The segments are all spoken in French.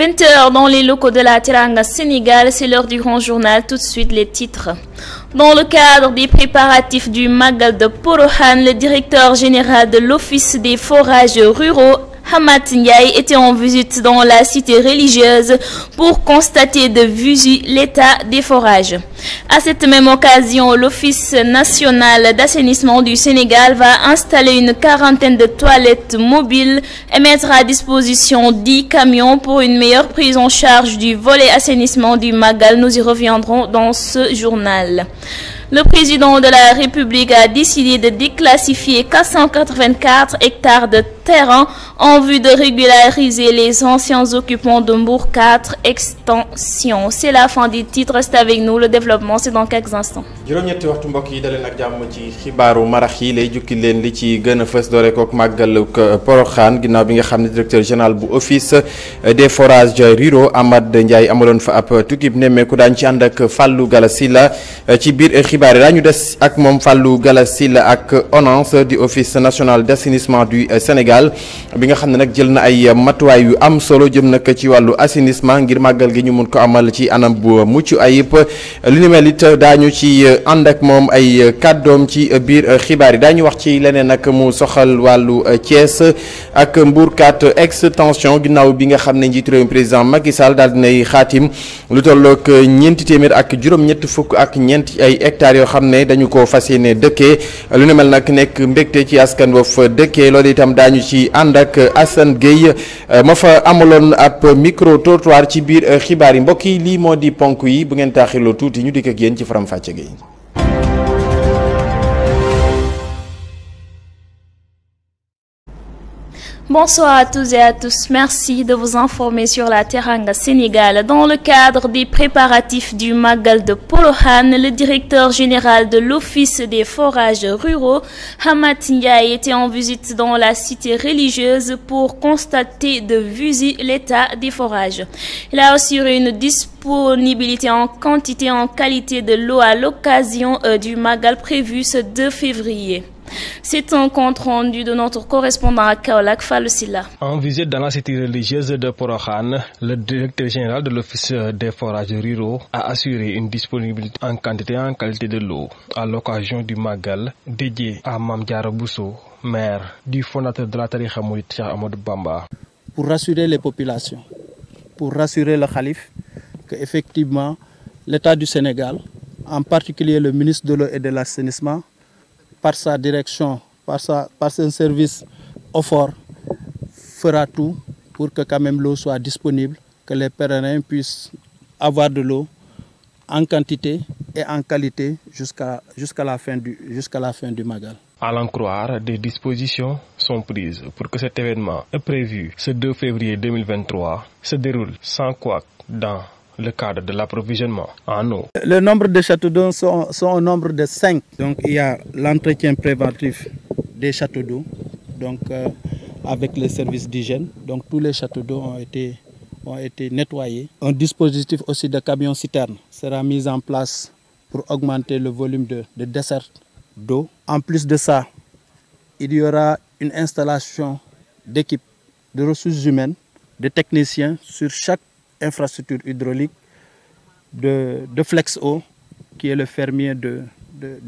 20h dans les locaux de la Teranga Sénégal, c'est l'heure du grand journal. Tout de suite, les titres. Dans le cadre des préparatifs du Magal de Porohan, le directeur général de l'Office des forages ruraux Hamad Ndiaye était en visite dans la cité religieuse pour constater de vue l'état des forages. À cette même occasion, l'Office national d'assainissement du Sénégal va installer une quarantaine de toilettes mobiles et mettre à disposition 10 camions pour une meilleure prise en charge du volet assainissement du Magal. Nous y reviendrons dans ce journal. Le président de la République a décidé de déclassifier 484 hectares de terrain en vue de régulariser les anciens occupants de Mbour 4 Extensions. C'est la fin du titre. Restez avec nous. Le développement, c'est dans quelques instants xibaar yi daañu des ak moom fallu galasil ak ONAS di office national d'assainissement du euh, Sénégal bi nga xam ne nag jël na ay euh, matuwaay yu am solo jëm nag ci wàllu assainissement ngir màggal gi ñu mun ko amal ci anam bu mucc ayib li ni mel it daañu ci euh, ànd ak moom ay kàddoom ci biir xibaar yi daañu wax ci leneen nag mu soxal wàllu Thiès ak mbuurkat extension ginnaaw bi nga xam ne président Macky Sall daal dinay xaatim lu tolloog ñeenti téeméer ak juróom-ñett fukk ak ñeent ay yoo xam ne dañu ko fas yéene dëkkee lu ne mel nag nekk mbégte ci askan woof dëkkee loolu itam daañu ci ànd ak Assane Gueye eh, ma fa amaloon ab micro trottoir ci biir eh, xibaar yi mbokk yi lii moo di ponk yi bu ngeen loo tuuti ñu dikk ak yéen ci faram fàcce gi Bonsoir à tous et à tous. Merci de vous informer sur la Teranga Sénégal. Dans le cadre des préparatifs du Magal de Polohan, le directeur général de l'Office des forages ruraux, Hamat Ndiaye, était en visite dans la cité religieuse pour constater de visu l'état des forages. Il a assuré une disponibilité en quantité et en qualité de l'eau à l'occasion euh, du Magal prévu ce 2 février. C'est un compte rendu de notre correspondant à Kaolak Silla. En visite dans la cité religieuse de Porohan, le directeur général de l'Office des forages ruraux a assuré une disponibilité en quantité et en qualité de l'eau à l'occasion du Magal dédié à Mamdiara Bousso, maire du fondateur de la Tariqa Cheikh Amadou Bamba. Pour rassurer les populations, pour rassurer le calife, qu'effectivement l'État du Sénégal, en particulier le ministre de l'eau et de l'assainissement, par sa direction, par, sa, par son service au fort, fera tout pour que quand même l'eau soit disponible, que les pèlerins puissent avoir de l'eau en quantité et en qualité jusqu'à jusqu'à la, fin du, jusqu'à la fin du Magal. À l'en croire, des dispositions sont prises pour que cet événement est prévu ce 2 février 2023 se déroule sans quoi dans le cadre de l'approvisionnement en eau. Le nombre de châteaux d'eau sont, au nombre de 5. Donc il y a l'entretien préventif des châteaux d'eau, donc euh, avec les services d'hygiène. Donc tous les châteaux d'eau ont été, ont été nettoyés. Un dispositif aussi de camion citerne sera mis en place pour augmenter le volume de, de dessert d'eau. En plus de ça, il y aura une installation d'équipes de ressources humaines, de techniciens sur chaque infrastructure hydraulique de, Flexo, qui est le fermier du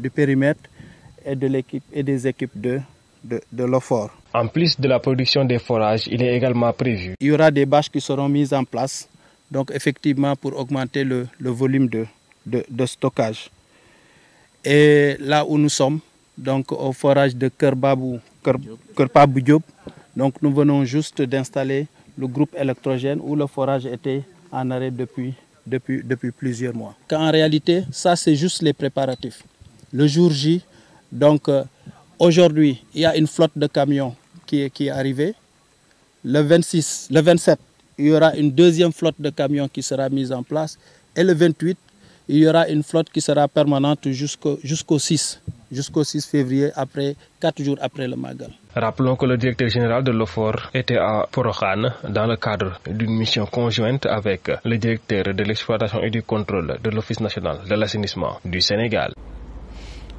périmètre, et, de des équipes de, de, de l'OFOR. En plus de la production des forages, il est également prévu. Il y aura des bâches qui seront mises en place, donc effectivement pour augmenter le, volume de, stockage. Et là où nous sommes, donc au forage de Kerbabou, Diop, donc nous venons juste d'installer le groupe électrogène où le forage était en arrêt depuis, depuis, depuis plusieurs mois. En réalité, ça c'est juste les préparatifs. Le jour J, donc euh, aujourd'hui, il y a une flotte de camions qui est, qui est arrivée. Le 26, le 27, il y aura une deuxième flotte de camions qui sera mise en place. Et le 28, il y aura une flotte qui sera permanente jusqu'au jusqu'au 6, jusqu'au 6 février, après, 4 jours après le Magal. Rappelons que le directeur général de l'OFOR était à Porokhane dans le cadre d'une mission conjointe avec le directeur de l'exploitation et du contrôle de l'Office national de l'assainissement du Sénégal.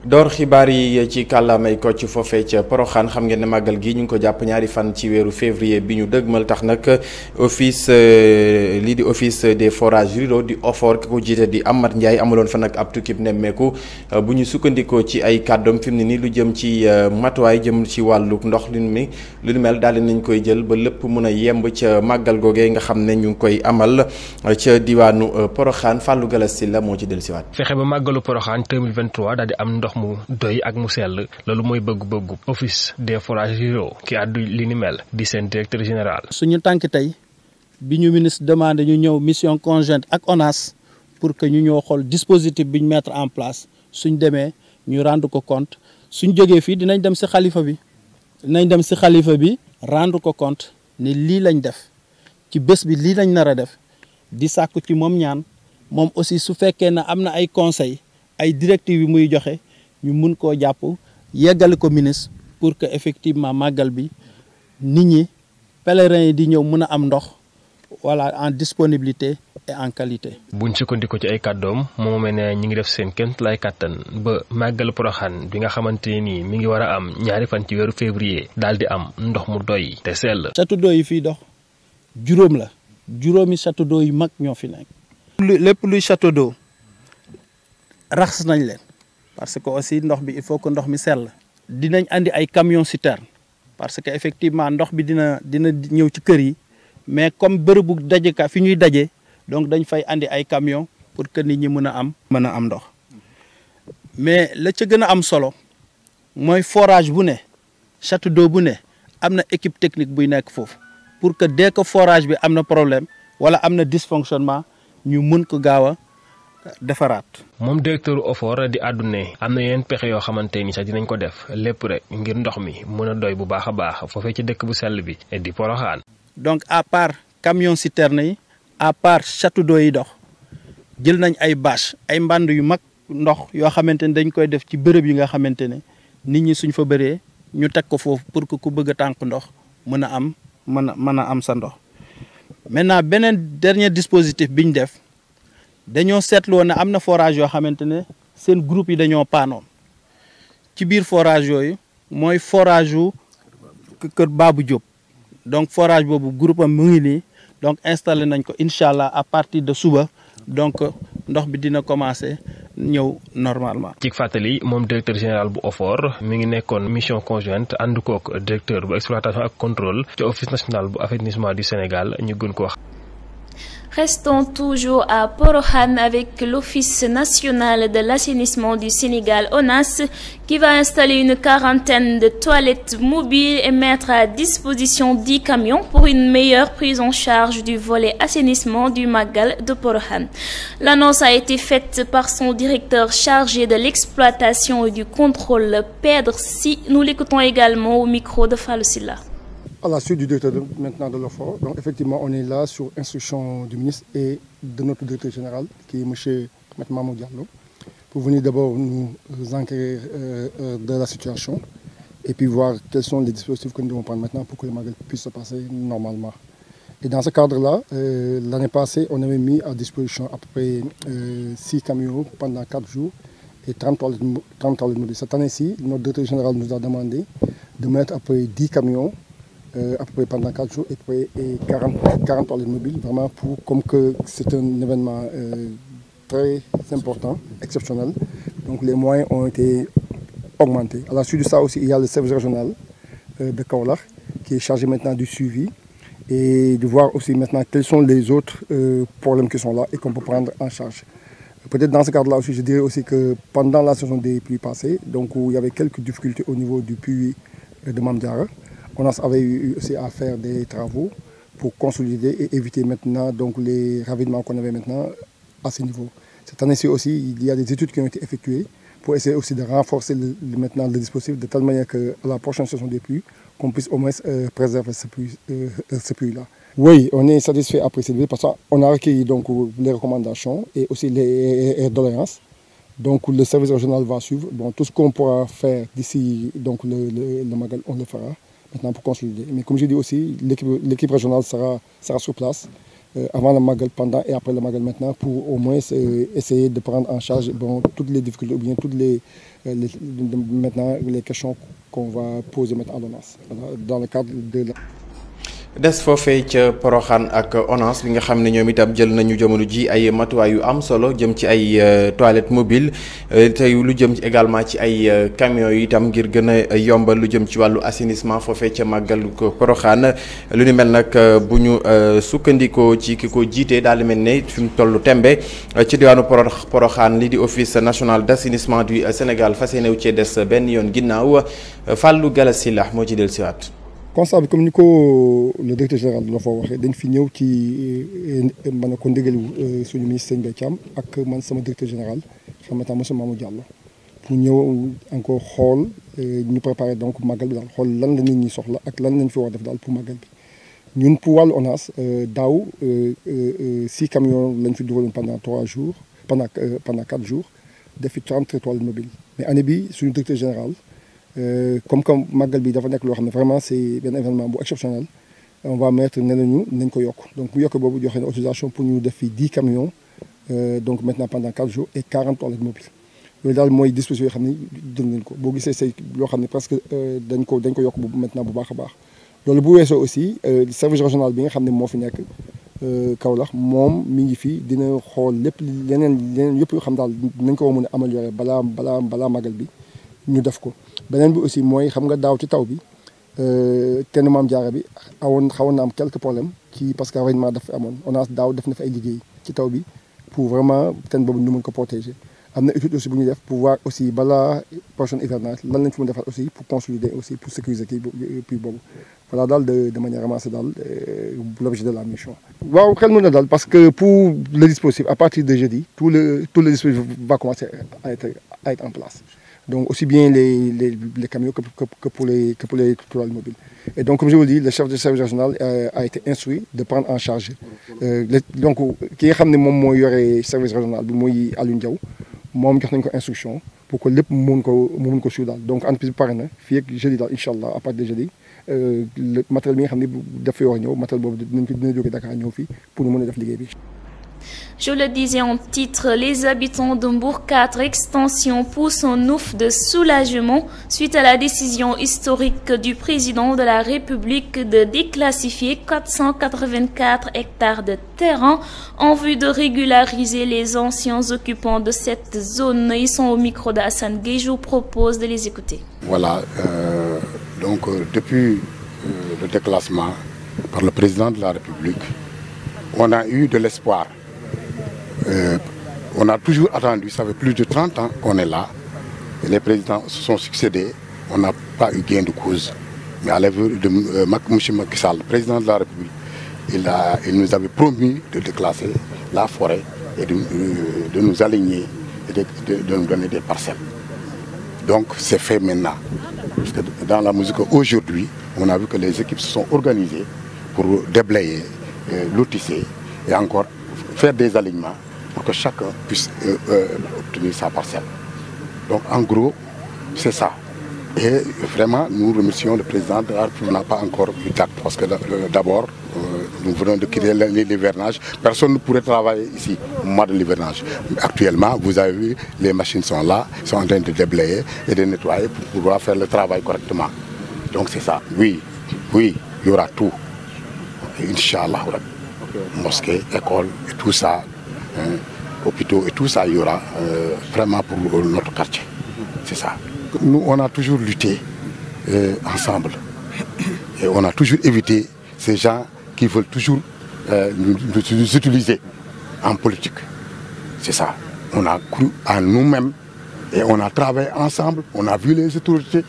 door xibaar yi ci kàllaamay Kocc foofee ca Poroxaan xam ngeen ne màggal gi ñu ngi ko jàpp ñaari fan ci weeru février bi ñu dëgmal tax nag office euh, lii di office de forages ruraux di OFOR ki ko jiite di Amath njaay amaloon fa nag ab tukkib nemmeeku euh, bu ñu sukkandikoo ci ay kàddoom fi mu ne nii lu jëm ci euh, matuwaay jëm ci wàllu ndox lu mi lu nu mel daal nañ koy jël ba lépp mun a yemb ca màggal googee nga xam ne ñu ngi koy amal ca diwaanu Poroxaan Fallou Galassi la moo ci dellusiwaat. fexe ndox mu doy ak mu sell loolu mooy bëgg-bëggu office des forages ruraux ki addu li ni mel di seen directeur général. suñu tànk tey bi ñu ministre demande ñu ñëw mission conjointe ak ONAS pour que ñu ñoo xool dispositif bi ñu mettre en place suñ demee ñu rendre ko compte suñ jógee fii dinañ dem si xalifa bi dinañ dem si xalifa bi rendre ko compte ne lii lañ def ci bés bi lii lañ nar a def di sàkku ci moom ñaan moom aussi su fekkee ne am na ay conseil ay directives yu muy joxe ñu mun koo jàpp yeggale ko ministre pour que effectivement màggal bi nit ñi pèlerins yi di ñëw mun a am ndox voilà en disponibilité et en qualité. buñ sukkandiko ci ay kàddoom moo mel ne ñi ngi def seen kent lay kàttan ba màggal poroxaan bi nga xamante ni mi ngi war a am ñaari fan ci weeru février daal di am ndox mu doy te sell. château d'eau yi fiy dox juróom la juróomi château d'eau mag ñoo fi nekk. lépp luy raxas nañ leen parce que aussi ndox bi il faut que ndox mi sell dinañ indi ay camion citerne parce que effectivement ndox bi dina dina ñëw ci kër yi mais comme bërëbu dajeka fi ñuy daje donc dañ fay indi ay camion pour que nit ñi mën a am mën a am ndox mais la ca gën a am solo mooy forage bu ne château d'eau bu ne am na équipe technique buy nekk foofu pour que dès ko forage bi am na problème wala am na dysfonctionnement ñu mun ko gaaw a defaraat moom directeur ofor di àddu ne am na yeneen pexe yoo xamante ni sax dinañ ko def lépp rek ngir ndox mi mën a doy bu baax a baax foofee ci dëkk bu sell bi di poroxaan donc à part camion citerne yi à part château d'eau yi dox jël nañ ay bâche ay mbànd yu mag ndox yoo xamante ne dañ koy def ci bërëb yi nga xamante ne nit ñi suñ fa bëree ñu teg ko foofu pour que ku bëgg a tànk ndox mën a am mën mën a am sa ndox maintenant beneen dernier dispositif biñ def dañoo seetlu woon ne am na forage yoo xamante ne seen groupe yi dañoo paanoon ci biir forage yooyu mooy forage wu kër Babou Diop donc forage boobu groupe am mu ngi nii donc installé nañ ko incha allah à partir de suba donc ndox bi dina commencé ñëw normalement. ci fàttali moom directeur général bu OFOR mu ngi nekkoon mission conjointe ànd kook directeur bu exploitation ak contrôle ci office national bu assainissement du Sénégal ñu gën ko wax. Restons toujours à Porohan avec l'Office national de l'assainissement du Sénégal, ONAS, qui va installer une quarantaine de toilettes mobiles et mettre à disposition 10 camions pour une meilleure prise en charge du volet assainissement du Magal de Porohan. L'annonce a été faite par son directeur chargé de l'exploitation et du contrôle, Pedre Si. Nous l'écoutons également au micro de Falusilla à la suite du directeur de, maintenant de l'OFOR. effectivement, on est là sur instruction du ministre et de notre directeur général, qui est M. Mamou Diallo, pour venir d'abord nous enquérir euh, euh, de la situation et puis voir quels sont les dispositifs que nous devons prendre maintenant pour que les magasins puissent se passer normalement. Et dans ce cadre-là, euh, l'année passée, on avait mis à disposition à peu près 6 euh, camions pendant 4 jours et 30 30 Cette année-ci, notre directeur général nous a demandé de mettre à peu près 10 camions euh, à pendant 4 jours et, 40, par les mobiles, vraiment pour, comme que c'est un événement euh, très important, exceptionnel. Donc les moyens ont été augmentés. À la suite de ça aussi, il y a le service régional euh, de Kaolar qui est chargé maintenant du suivi et de voir aussi maintenant quels sont les autres problèmes qui sont là et qu'on peut prendre en charge. Peut-être dans ce cadre-là aussi, je dirais aussi que pendant la saison des pluies passées, donc où il y avait quelques difficultés au niveau du puits de Mamdiara, on avait eu aussi à faire des travaux pour consolider et éviter maintenant donc, les ravinements qu'on avait maintenant à ce niveau. Cette année-ci aussi, il y a des études qui ont été effectuées pour essayer aussi de renforcer le, maintenant le dispositif de telle manière que la prochaine saison des pluies, qu'on puisse au moins euh, préserver ce puits, euh, là Oui, on est satisfait après cette parce qu'on a recueilli donc, les recommandations et aussi les, doléances. Donc le service régional va suivre. Bon, tout ce qu'on pourra faire d'ici donc le, le, on le fera maintenant pour consolider. Mais comme je dit aussi, l'équipe régionale sera, sera sur place euh, avant la Magal, pendant et après le Magal maintenant pour au moins essayer de prendre en charge bon, toutes les difficultés ou bien toutes les, euh, maintenant les questions qu'on va poser maintenant à dans le cadre de la... des foofee ca Poroxaan ak ONAS bi nga xam ne ñoom itam jël nañu jamono ji ay matuwaay yu am solo jëm ci ay euh, toilettes mobiles euh, tey lu jëm ci également ci ay euh, camions yi itam ngir gën a yombal lu jëm ci wàllu assainissement foofee ca màggalu ko Poroxaan lu ni mel nag bu ñu sukkandikoo ci ki ko jiitee daal di mel ne fi mu toll tembe ci diwaanu Poro Poroxaan li di office national d' assainissement du Sénégal fas yéene wu des benn yoon ginnaaw Fallou Galassi la moo ci dellusiwaat. constat comme ni euh, le directeur général de la foo waxe dañ fi ñew ci euh, man a ko ndigalu euh, suñu ministre Sëñ Mbaye ak man sama directeur général xamata monsieur Mamou Diallo pour ñew encore xol ñu préparer donc magal bi xol lan la nit ñi soxla ak lan lañ fi wax def dal pour magal bi ñun pour wal ONAS daaw six camions lañ fi dugaloon pendant 3 jours pendant pendant 4 jours def 30 trente étoiles mobiles mais année bi suñu directeur général euh, comme comme Magal bi dafa nek lo xam vraiment c'est ben événement bu exceptionnel on va mettre nee nañu nañ ko yokk donc bu yokk boobu joxe autorisation pour ñu def fi 10 camions euh, donc maintenant pendant 4 jours et 40 toilettes mobiles loolu dal moy disposition yoo xam ne jël ko bo gisee say loo xam ne euh, dañ ko dañ ko yok bu maintenant bu baax a baax loolu bu weesoo aussi euh, service régional bi nga xam ne moo fi nekk euh, Kaolack mom mi ngi fi dina xol lepp leneen leneen yëpp yoo xam dal dinañ ko mën bala bala bala magal bi ñu def ko benen bi aussi mooy xam nga daaw ci taw bi kenn euh, maam jaara bi awoon xawoon na am quelques problèmes ci parce que avènement daf amoon a daaw def na fi ay liggéey ci taw bi pour vraiment teen boobu ñu mën ko protéger am na étude aussi bu ñu def pour voir aussi bala prochaine hivernage lan lañ fi mën defar aussi pour consolider aussi pour sécuriser kii euh, puits boobu voilà daal de de manière ramassée daal euh, l'objet de la mission. waaw xel mën na daal parce que pour le dispositif à partir de jeudi tout le tout le dispositif va commencer à être à être en place donc aussi bien les, les, les camions que, pour les, que pour les mobiles. Et donc, comme je vous dis, le chef de service régional euh, a été instruit de prendre en charge. Euh, les, donc, qui est ramené mon service régional, moi à l'Undiaou, moi j'ai une instruction pour que les monde monde ko là. Donc, en par an, je jeudi dit, inchallah, à partir de jeudi, euh, le matériel bien ramené d'affaires le matériel bobu dinañ fi dina pour nous mener def liggéey je le disais en titre, les habitants d'Hombourg, 4 Extension poussent un ouf de soulagement suite à la décision historique du président de la République de déclassifier 484 hectares de terrain en vue de régulariser les anciens occupants de cette zone. Ils sont au micro d'Assange, je vous propose de les écouter. Voilà, euh, donc euh, depuis euh, le déclassement par le président de la République, on a eu de l'espoir. Euh, on a toujours attendu, ça fait plus de 30 ans qu'on est là. les présidents se sont succédés, on n'a pas eu gain de cause. Mais à l'œuvre de euh, M. Macky président de la République, il, nous avait promis de déclasser la forêt et de, euh, nous aligner et de, nous donner des parcelles. Donc c'est fait maintenant. dans la musique aujourd'hui, on a vu que les équipes se sont organisées pour déblayer, lotisser et encore faire des alignements que chacun puisse euh, euh, obtenir sa parcelle. Donc en gros, c'est ça. Et vraiment, nous remercions le président de la République, n'a pas encore eu d'acte, parce que euh, d'abord, nous venons de créer' l'hivernage. Personne ne pourrait travailler ici au mois de l'hivernage. Actuellement, vous avez vu, les machines sont là, sont en train de déblayer et de nettoyer pour pouvoir faire le travail correctement. Donc c'est ça. Oui, oui, il y aura tout. Inch'Allah, mosquée, école et tout ça. Hein hôpitaux et tout ça, il y aura euh, vraiment pour euh, notre quartier. C'est ça. Nous, on a toujours lutté euh, ensemble. Et on a toujours évité ces gens qui veulent toujours nous, utiliser en politique. C'est ça. On a cru à nous-mêmes et on a travaillé ensemble, on a vu les autorités,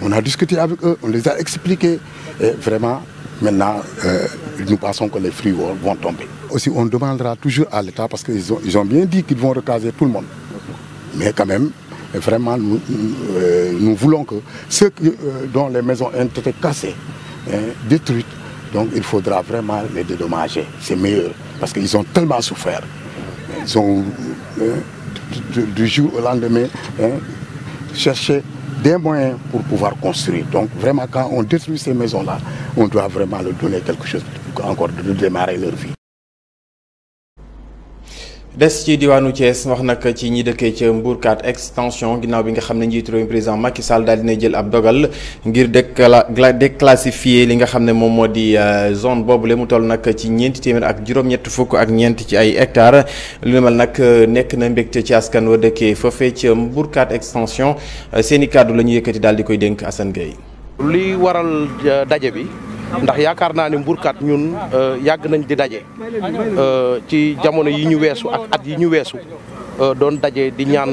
on a discuté avec eux, on les a expliqués. Et vraiment, maintenant, euh, nous pensons que les fruits vont tomber. Aussi, on demandera toujours à l'État, parce qu'ils ont, bien dit qu'ils vont recaser tout le monde. Mais quand même, vraiment, nous, euh, voulons que ceux euh, dont les maisons ont été cassées, hein, détruites, donc il faudra vraiment les dédommager. C'est meilleur, parce qu'ils ont tellement souffert. Ils ont, du, jour au lendemain, hein, cherché des moyens pour pouvoir construire. Donc vraiment, quand on détruit ces maisons-là, on doit vraiment leur donner quelque chose encore de démarrer leur vie. des ci diwaanu Thiès wax nag ci ñi dëkkee ca Mbourkat extension ginnaaw bi nga xam ne njiitu réew mi président Macky Sall daal dina jël ab dogal ngir décla déclassifier li nga xam ne moom moo di euh, zone boobule mu toll nag ci ñeenti téeméer ak juróom ñetti fukk ak ñeent ci ay hectares lu ne mel nag euh, nekk na mbégte ci askan wa dëkkee foofee ca Mbourkat extension euh, seen i kàddu la ñu yëkkati daal di koy dénk Assane Gueye. luy waral daje bi. ndax yaakaar naa ne mburkat ñun euh, yàgg nañ di daje euh, ci jamono yi ñu weesu ak at yi ñu weesu euh, doon daje di ñaan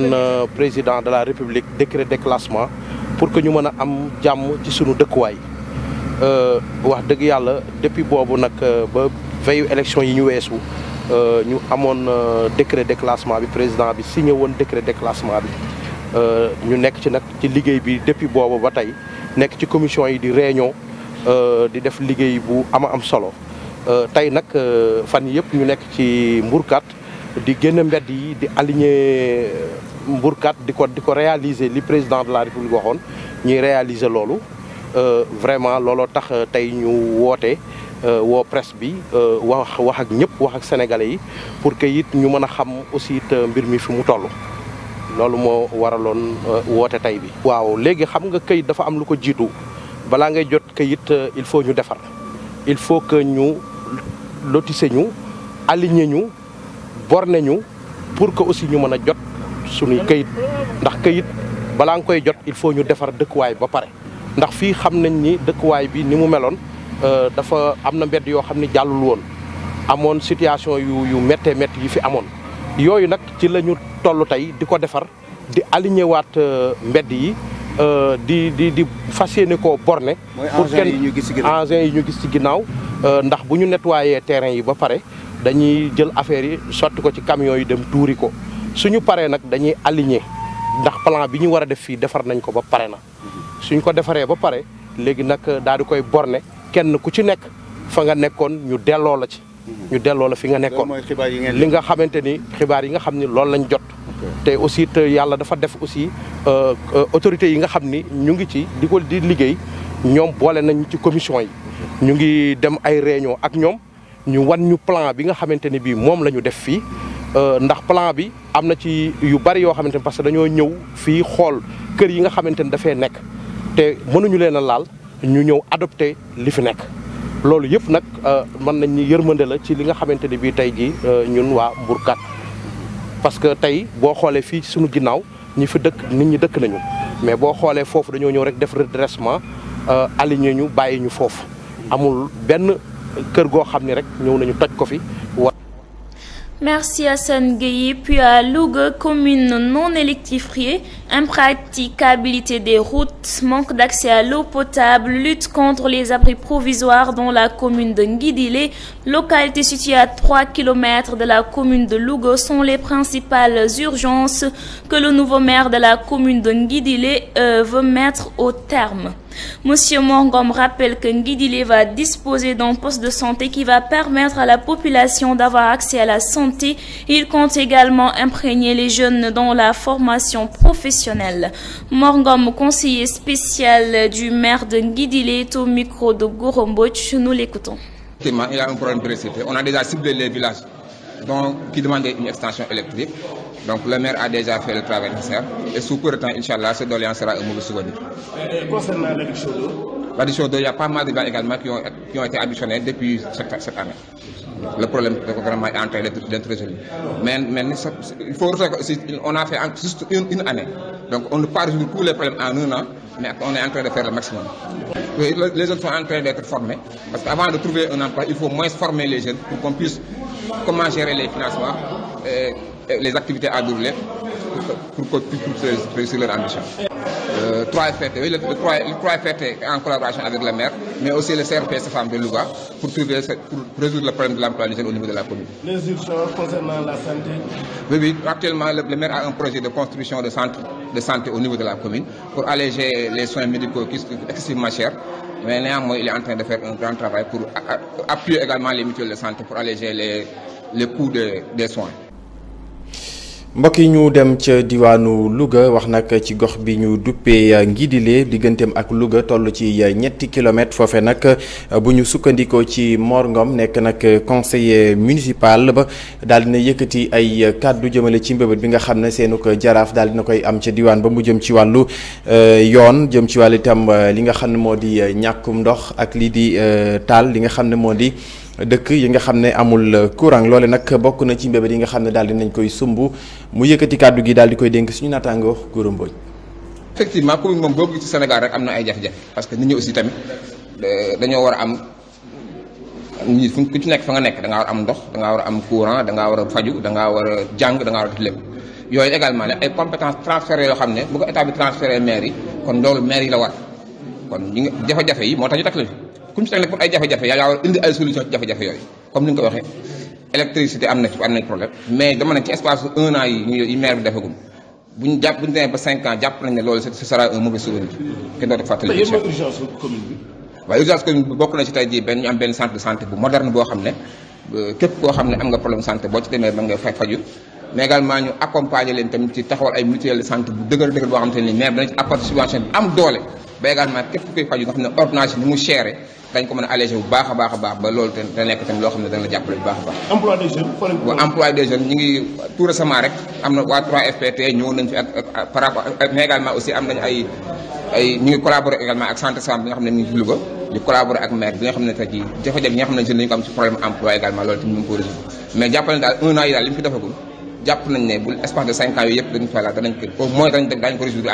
président de la république décret déclassement pour que ñu mën a am jàmm ci sunu dëkkuwaay wax dëgg yàlla depuis boobu nag ba veyu élection yi ñu weesu ñu amoon décret déclassement bi président bi signé woon décret déclassement bi ñu nekk ci nag ci liggéey bi depuis boobu ba tey nekk ci commission yi di réunion Euh, di def liggéey bu ama am solo euh, tey nag euh, fan yëpp ñu nekk ci mburkat di génn mbedd yi di aligner mburkat di ko di ko réaliser li président de la république waxoon ñuy réaliser loolu vraiment looloo tax tey ñu woote woo presse bi wax wax ak ñëpp wax ak sénégalais yi pour que it ñu mën a xam aussi it mbir mi fi mu toll loolu moo waraloon woote tey bi waaw léegi xam nga këyit dafa am lu ko jiitu balaa ngay jot kayit euh, il faut ñu defar il faut que ñu lotissé ñu aligné ñu borné ñu pour que aussi ñu mën a jot suñuy kayit ndax kayit balaa nga koy jot il faut ñu defar dëkkuwaay ba pare ndax fii xam nañ ni dëkkuwaay bi ni mu meloon euh, dafa am na mbedd yoo xam ne jàllul woon amoon situation yu yu méttee métti yi fi amoon yooyu nag ci la ñu toll tey di ko defar di aligné waat euh, mbedd yi Euh, di di di fas yéene koo borne. pour kenn yi ñu gis ci engins yi ñu gis ci ginnaaw. Euh, ndax bu ñu nettoyé terrain yi ba pare dañuy jël affaire yi sotti ko ci camions yi dem tuuri ko suñu paree nag dañuy aligner ndax plan bi ñu war a def fii defar nañ ko ba pare na. suñ ko defaree ba pare léegi nag daal di koy borne kenn ku ci nekk fa nga nekkoon ñu delloo la ci. Mhm. ñu delloo la fi nga nekkoon li nga xamante ni xibaar yi nga xam ni loolu lañ jot. te aussi te yàlla dafa def aussi euh, euh, autorités yi nga xam ni ñu ngi ci di ko di liggéey ñoom boole nañ ci commission yi. ñu ngi dem ay réunion ak ñoom ñu wan ñu plan bi nga xamante ni bii moom la ñu def fii. Euh, ndax plan bi am na ci yu bari yoo xamante ni parce que dañoo ñëw fii xool kër yi nga xamante ni dafay nekk te mënuñu leen a laal ñu ñëw adopté li fi nekk. loolu yëpp nag mën nañ ñu yërmande la ci li nga xamante ni bii tey jii ñun waa Mbour parce que tey boo xoolee fii suñu ginnaaw ñi fi dëkk nit ñi dëkk nañu mais boo xoolee foofu dañoo ñëw rek def redressement euh, aligné ñu bàyyi ñu foofu amul benn kër goo xam ni rek ñëw nañu toj ko fi Merci à Sangueyi, puis à Lougue, commune non électifriée, impraticabilité des routes, manque d'accès à l'eau potable, lutte contre les abris provisoires dans la commune de Nguidile, localité située à 3 km de la commune de Lougue, sont les principales urgences que le nouveau maire de la commune de Nguidile euh, veut mettre au terme. Monsieur Morgom rappelle que Ngidile va disposer d'un poste de santé qui va permettre à la population d'avoir accès à la santé. Il compte également imprégner les jeunes dans la formation professionnelle. Morgom, conseiller spécial du maire de Ngidile, est au micro de Goromboch. Nous l'écoutons. Il a un problème On a déjà ciblé les villages qui demandaient une extension électrique. Donc le maire a déjà fait le travail nécessaire et sous peu de temps, Inch'Allah, ce doléant sera un souvenir. Et concernant l'addiction d'eau L'addiction d'eau, il y a pas mal de gens également qui ont, qui ont été additionnés depuis cette, cette année. Le problème de gouvernement est en train d'être résolu. Mais, mais il faut On a fait juste une, année. Donc on ne parle pas tous les problèmes en un an, mais on est en train de faire le maximum. Les jeunes sont en train d'être formés. Parce qu'avant de trouver un emploi, il faut moins former les jeunes pour qu'on puisse comment gérer les financements. Euh, les activités à doubler pour, que toutes réussir leur ambition. Euh, 3FRT, le, 3, est en collaboration avec le maire, mais aussi le CRPS de Louga pour, pour résoudre le problème de l'emploi au niveau de la commune. Les urgences concernant la santé Oui, actuellement, le, maire a un projet de construction de centres de santé au niveau de la commune pour alléger les soins médicaux qui sont excessivement chers. Mais néanmoins, il est en train de faire un grand travail pour appuyer également les mutuelles de santé pour alléger les, les coûts des soins. mbokk yi ñu dem ca diwaanu Louga wax nag ci gox bi ñu duppee Ngidile digganteem ak Louga toll ci ñetti kilomètres foofe nag bu ñu sukkandikoo ci Mor nekk nag conseiller municipal ba daal na yëkkati ay kàddu jëmale ci mbébét bi nga xam ne seenu ko jaraaf daal dina koy am ca diwaan ba mu jëm ci wàllu euh, yoon jëm ci wàll itam euh, li nga xam ne moo di euh, ñàkkum ndox ak lii di taal li nga xam ne moo di. dëkk yi nga xam ne amul euh, courant loole nag bokk na ci mbébét yi nga xam ne daal dinañ koy sumb mu yëkkati kàddu gi daal di koy dénk suñu naataango Gora Mbodj effectivement commune moom boo ci Sénégal rek am na ay jafe-jafe parce que nit ñi aussi tamit euh, dañoo war a am nit fu ku ci nekk fa nga nekk da war am ndox da war am courant da ngaa war a faju da ngaa war a jàng da ngaa war a lépp yooyu également ne ay compétences transférées yoo xam ne bu ko état bi transféré maire yi kon loolu maire yi la war kon jafe-jafe yi moo tax ñu takk ku ñu ci teg nag pour ay jafe-jafe yaa war indi ay solution jafe-jafe yooyu comme ni nga ko waxee électricité am na ci problème mais dama ne ci espace un an yi ñu bi defagum bu ñu jàpp bu ñu demee ba cinq ans jàpp nañ urgence commune bi bokk na ci tey jii benn ñu am benn centre de bu moderne boo xam ne euh, képp koo xam ne am nga problème santé boo ci demee ba nga fay faju mais également ñu accompagner leen tamit ci taxawal ay mutuel de santé bu dëgër dëgër boo xam te ni maire dana ci apporter subvention bi am doole ba également képp kuy faju nga xam ne ordonnance ni mu chéré dañ ko mën a allégé bu baax a baax a baax ba loolu te da nekk loo xam ne dana a baax. emploi des jeunes waaw emploi des jeunes ñu ngi tout ay ñu ngi collaboré également ak santé santé bi nga xam ne ñu ngi fi Louga di ak maire bi nga xam ne tey jii jafe yi nga xam ne jeunes dañu ko am problème emploi loolu tamit ñu ngi ko résoudre mais jàppale daal un an yi daal li mu fi defagul jàpp nañ ne bu espace de 5 ans yooyu yëpp dañ ko résoudre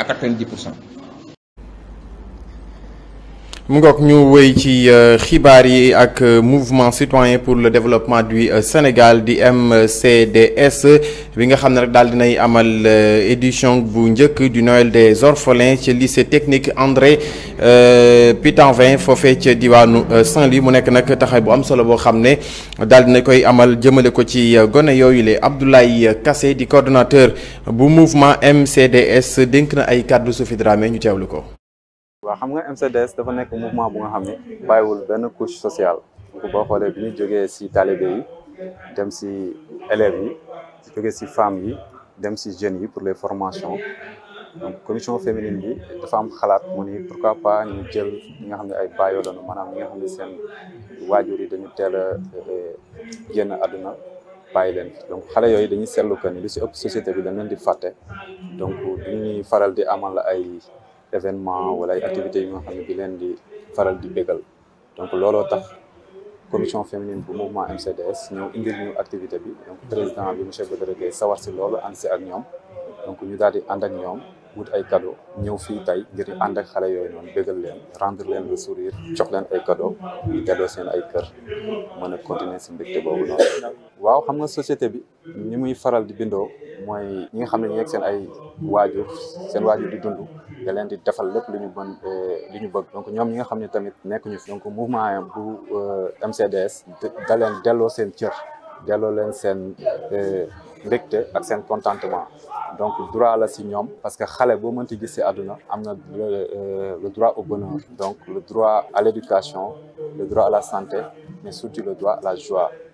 mu ngoog ñu wéy ci euh, xibaar yi ak euh, mouvement citoyen pour le développement du euh, Sénégal di MCDS bi nga xam rek daal dinay amal édition bu njëkk du Noël des orphelins ci lycée technique André Pitanvin foofee ca diwaanu Saint-Louis mu nekk nag taxay bu am solo boo xam ne dina koy amal jëmale ko ci gone yooyu le Abdoulaye Kassé di coordonnateur bu mouvement MCDS dénk na ay kàddu Sophie Dramé ñu teewlu ko waa xam nga MCDS dafa nekk mouvement bu nga xam ne bàyyiwul benn couche sociale donc boo xoolee bi ñu jógee si talibé yi dem si élèves yi jógee si femmes yi dem si jeunes yi pour les formation commission féminine bi dafa am xalaat mu ni pourquoi pas ñu jël ñi nga xam ne ay bàyyoo lañu maanaam ñi nga xam ne seen waajur yi dañu teel a eh, génn àdduna bàyyi leen donc xale yooyu dañuy seetlu que ni lu si ëpp société bi dañ leen di fàtte donc duñuy faral di amal ay événement wala ay activités yu nga xam ne di leen di faral di bégal donc looloo tax commission féminine bu mouvement MCDS ñëw indil activité bi donc président bi monsieur Badara Gueye sawar si loolu ànd ak ñoom donc ñu daal di ànd ak ñoom wut ay cadeau ñëw fii tey ngir ànd ak xale yooyu noonu bégal leen rendre leen le sourire jox leen ay cadeau di seen ay kër mën a continuer si mbégte boobu noonu. waaw xam nga société bi ñi muy faral di bindoo mooy ñi nga xam ne ñu nekk seen ay waajur seen waajur di dund. da leen di defal lepp lu ñu bën euh, lu bëgg donc ñom ñi nga xam tamit nekk ñu donc mouvement bu euh, MCDS da leen delloo seen cër delloo leen seen euh, mbégte ak sen contentement donc droit la ci ñom parce que xalé boo mënti gis ci aduna amna na le droit au bonheur donc le droit à l'éducation le droit à la santé mais surtout le droit à la joie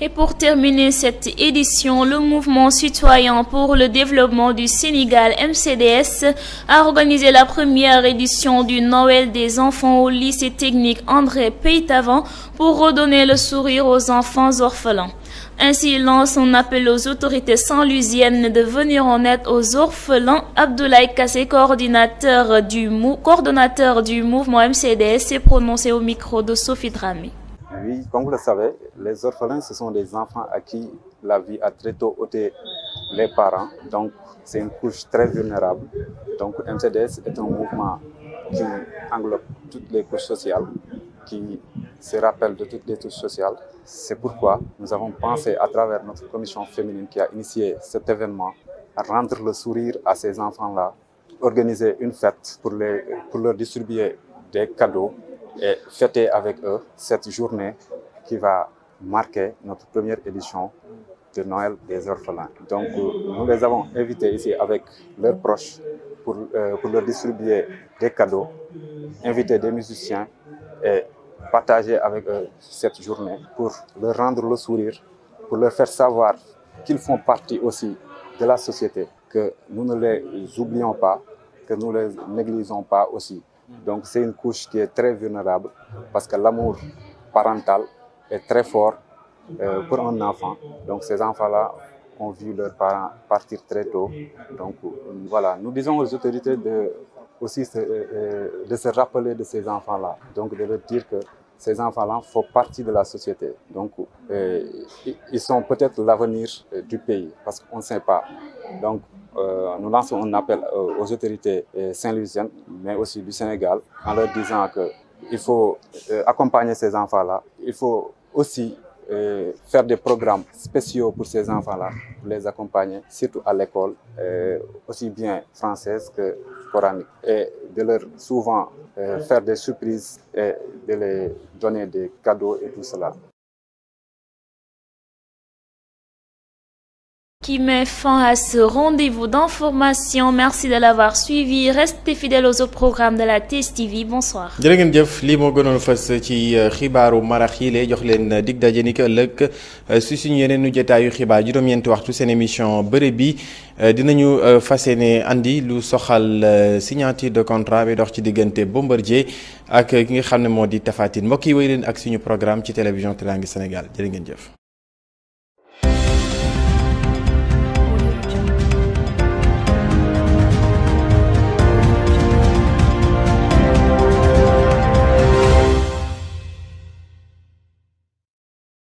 Et pour terminer cette édition, le mouvement citoyen pour le développement du Sénégal MCDS a organisé la première édition du Noël des enfants au lycée technique André Peytavant pour redonner le sourire aux enfants orphelins. Ainsi, il lance un appel aux autorités sans de venir en aide aux orphelins. Abdoulaye Kassé, coordinateur du, coordonnateur du mouvement MCDS, s'est prononcé au micro de Sophie Dramé comme vous le savez, les orphelins, ce sont des enfants à qui la vie a très tôt ôté les parents. Donc, c'est une couche très vulnérable. Donc, MCDS est un mouvement qui englobe toutes les couches sociales, qui se rappelle de toutes les couches sociales. C'est pourquoi nous avons pensé, à travers notre commission féminine qui a initié cet événement, à rendre le sourire à ces enfants-là, organiser une fête pour, les, pour leur distribuer des cadeaux et fêter avec eux cette journée qui va marquer notre première édition de Noël des orphelins. Donc nous les avons invités ici avec leurs proches pour, euh, pour leur distribuer des cadeaux, inviter des musiciens et partager avec eux cette journée pour leur rendre le sourire, pour leur faire savoir qu'ils font partie aussi de la société, que nous ne les oublions pas, que nous ne les négligeons pas aussi. Donc c'est une couche qui est très vulnérable parce que l'amour parental est très fort euh, pour un enfant. Donc ces enfants-là ont vu leurs parents partir très tôt. Donc voilà, nous disons aux autorités aussi euh, euh, de se rappeler de ces enfants-là. Donc de leur dire que ces enfants-là font partie de la société. Donc, euh, ils sont peut-être l'avenir euh, du pays, parce qu'on ne sait pas. Donc, euh, nous lançons un appel aux autorités saint-louisiennes, mais aussi du Sénégal, en leur disant qu'il faut accompagner ces enfants-là. Il faut aussi faire des programmes spéciaux pour ces enfants-là, pour les accompagner, surtout à l'école, aussi bien française que et de leur souvent euh, faire des surprises et de leur donner des cadeaux et tout cela. qui met fin à ce rendez-vous d'information merci de l'avoir suivi restez fidèles aux autres programmes de la TSTV bonsoir. jërë ngeen jëf lii moo gënoon fës ci euh, xibaaru marax yi lay jox leen euh, dig daje ni ko ëllëg euh, si suñu yeneen jotaayu xibaar juróom-ñeenti waxtu seen émission bëre bi dinañu fas yéene andi lu soxal signature de contrat bi dox ci digënté Bombardier ak ki nga xamné modi tafatine di Tapha Tine mbokk yi ak suñu programme ci télévision Teranga Sénégal jërë jëf.